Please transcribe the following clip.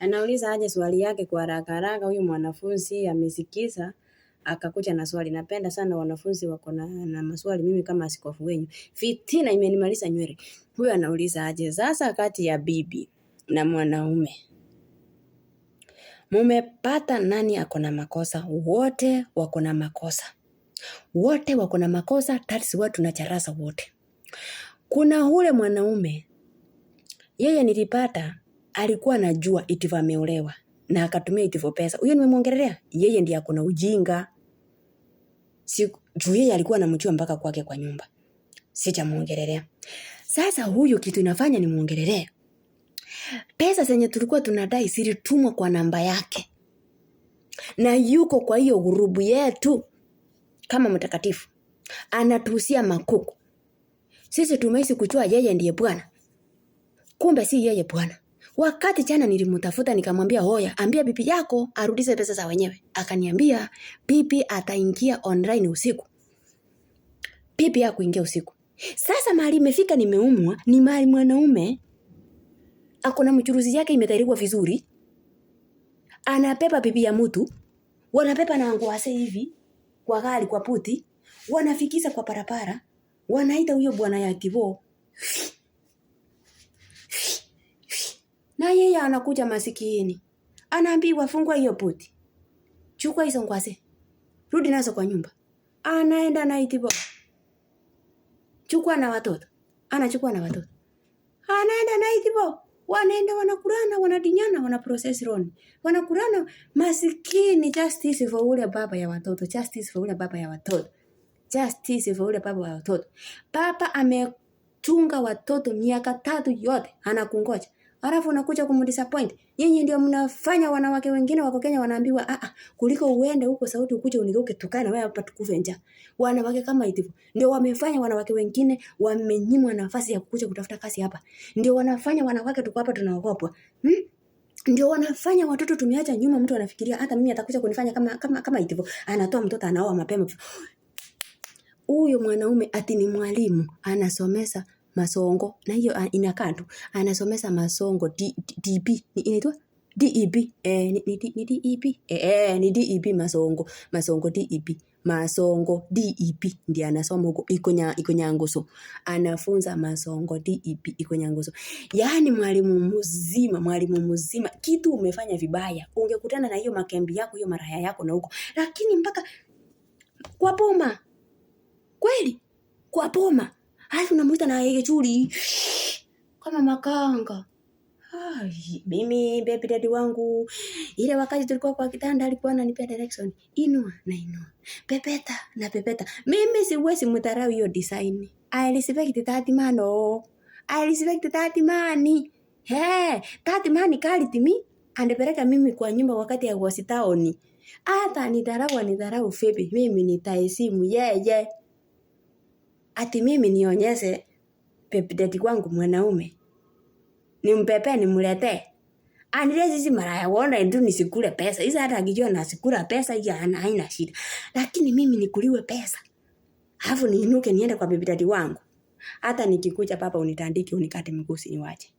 Anauliza aje swali yake kwa haraka haraka, huyu mwanafunzi amesikiza akakuja na swali. Napenda sana wanafunzi wako na, na maswali. Mimi kama askofu wenyu, fitina imenimaliza nywele. Huyu anauliza aje sasa, kati ya bibi na mwanaume mumepata nani ako na makosa? Wote wako na makosa, wote wako na makosa. That's why tunacharaza wote. Kuna ule mwanaume yeye nilipata alikuwa anajua Itivo ameolewa na akatumia Itivo pesa. Huyo nimemwongelelea yeye ndiye akona ujinga. Si juu yeye alikuwa anamjua mpaka kwake kwa nyumba. Sijamuongelelea. Sasa huyu kitu inafanya nimuongelelea. Pesa zenye tulikuwa tunadai zilitumwa kwa namba yake. Na yuko kwa hiyo gurubu yetu kama mtakatifu. Anatuhusia makuku. Sisi tumeishi kuchua yeye ndiye Bwana. Kumbe si yeye Bwana. Wakati jana nilimtafuta nikamwambia, hoya, ambia bibi yako arudize pesa za wenyewe. Akaniambia bibi ataingia online usiku. Bibi ingia usiku. Sasa mahali imefika, nimeumwa, ni mahali mwanaume ako na mchuruzi yake imetairiwa vizuri, anapepa bibi ya mtu, wanapepa na nguase hivi kwa gari, kwa puti, wanafikisa kwa barabara, wanaita huyo bwana ya Tibo na yeye anakuja masikini. Anaambiwa fungua hiyo puti. Chukua hizo ngwase. Rudi nazo kwa nyumba. Anaenda na itibo. Chukua na watoto. Anachukua na watoto. Anaenda na itibo. Wanaenda wanakurana, wanadinyana, wana process loan. Wanakurana masikini justice for ule baba ya watoto, justice for ule baba ya watoto. Justice for ule baba ya watoto. Baba ametunga watoto miaka tatu yote anakungoja alafu unakuja kumdisappoint. Nyinyi ndio mnafanya wanawake wengine wako Kenya wanaambiwa a ah, a, ah, kuliko uende huko Saudi ukuje unigeuke tukana wewe hapa tukufe njaa. Wanawake kama hivyo ndio wamefanya wanawake wengine wamenyimwa nafasi ya kukuja kutafuta kazi hapa. Ndio wanafanya wanawake tuko hapa tunaogopwa. Hmm? Ndio wanafanya watoto tumeacha nyuma. Mtu anafikiria hata mimi atakuja kunifanya kama kama kama hivyo, anatoa mtoto anaoa mapema. Huyo mwanaume ati ni mwalimu anasomesa Masongo na hiyo ah, inakaa tu anasomesa Masongo D, D, DB inaitwa DEB eh, ni, ni, ni DEB eh, eh, ni DEB e, e, e Masongo Masongo DEB Masongo DEB ndiye anasoma huko ikonya ikonyangoso anafunza Masongo DEB ikonyangoso. Yani mwalimu mzima, mwalimu mzima, kitu umefanya vibaya, ungekutana na hiyo makembi yako hiyo maraya yako na huko, lakini mpaka kwa poma kweli kwa poma alafu namuita na yeye chuli kama makanga. Ai, mimi baby daddy wangu ile wakati tulikuwa kwa kitanda alikuwa ananipa direction. Inua na inua. Pepeta na pepeta. Mimi siwezi mtarau hiyo design. I respect that man. Oh. I respect that man. Hey, that man kali timi andepeleka mimi kwa nyumba wakati ya wasitaoni. Hata nitarau nitarau fepi mimi nitahesimu yeye. Yeah, yeah ati mimi nionyeshe pepideti kwangu mwanaume nimpepe nimlete anile zizi ya wona ndio nisikule pesa hizo hata akijua nasikula pesa hiyo haina shida lakini mimi nikuliwe pesa alafu niinuke niende kwa bibi dadi wangu hata nikikuja papa unitandike unikate mguu niwache